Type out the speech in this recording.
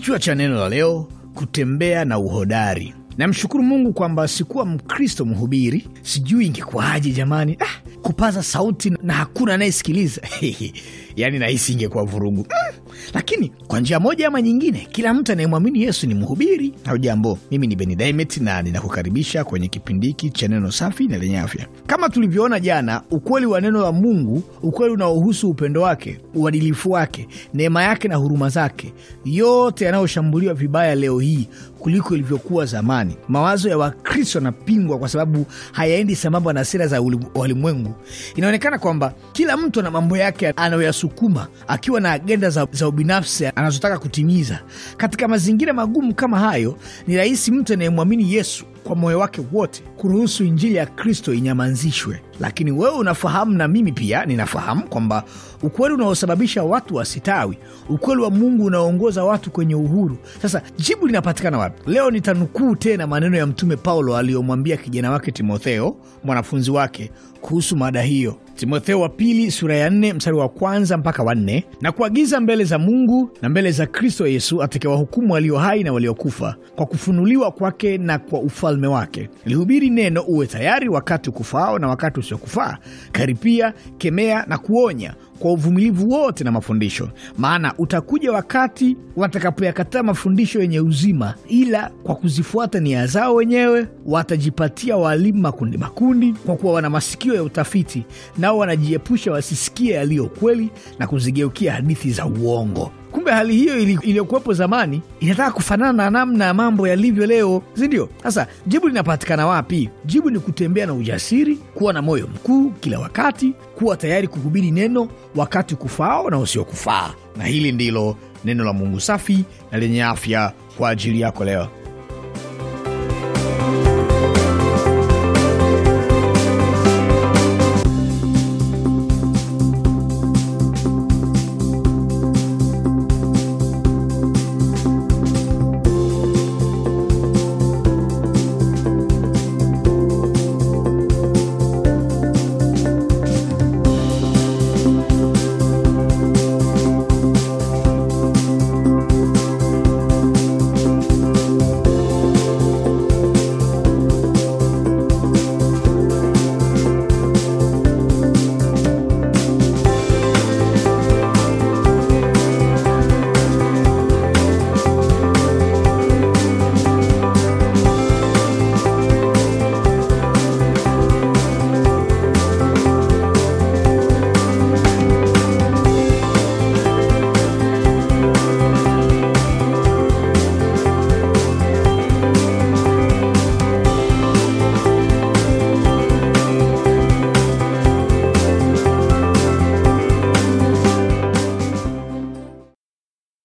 Kichwa cha neno la leo, kutembea na uhodari. Namshukuru Mungu kwamba sikuwa Mkristo mhubiri. Sijui ingekuwaje jamani, ah, kupaza sauti na hakuna anayesikiliza yaani nahisi ingekuwa vurugu. Ah, lakini kwa njia moja ama nyingine, kila mtu anayemwamini Yesu ni mhubiri. Hujambo, mimi ni Beni Dimet na ninakukaribisha kwenye kipindi hiki cha neno safi na lenye afya. Kama tulivyoona jana, ukweli wa neno la Mungu, ukweli unaohusu upendo wake, uadilifu wake, neema yake na huruma zake, yote yanayoshambuliwa vibaya leo hii kuliko ilivyokuwa zamani. Mawazo ya Wakristo yanapingwa kwa sababu hayaendi sambamba na sera za walimwengu. Inaonekana kwamba kila mtu ana mambo yake anayoyasukuma, akiwa na agenda za za ubinafsi anazotaka kutimiza. Katika mazingira magumu kama hayo, ni rahisi mtu anayemwamini Yesu kwa moyo wake wote kuruhusu Injili ya Kristo inyamazishwe lakini wewe unafahamu na mimi pia ninafahamu kwamba ukweli unaosababisha watu wasitawi, ukweli wa Mungu unaoongoza watu kwenye uhuru. Sasa jibu linapatikana wapi? Leo nitanukuu tena maneno ya Mtume Paulo aliyomwambia kijana wake Timotheo, mwanafunzi wake, kuhusu mada hiyo. Timotheo wa pili sura ya nne mstari wa kwanza mpaka wanne na kuagiza mbele za Mungu na mbele za Kristo Yesu atakayewahukumu walio hai na waliokufa kwa kufunuliwa kwake na kwa ufalme wake, lihubiri neno, uwe tayari wakati ukufaao na wakati kufaa Karipia, kemea na kuonya kwa uvumilivu wote na mafundisho, maana utakuja wakati watakapoyakataa mafundisho yenye uzima, ila kwa kuzifuata nia zao wenyewe watajipatia waalimu makundi makundi, kwa kuwa wana masikio ya utafiti, nao wanajiepusha wasisikie yaliyo kweli na kuzigeukia hadithi za uongo. Kumbe hali hiyo iliyokuwepo zamani inataka kufanana na namna ya mambo yalivyo leo, si ndio? Sasa jibu linapatikana wapi? Jibu ni kutembea na ujasiri, kuwa na moyo mkuu kila wakati, kuwa tayari kuhubiri neno wakati kufaao na usiokufaa. Na hili ndilo neno la Mungu safi na lenye afya kwa ajili yako leo.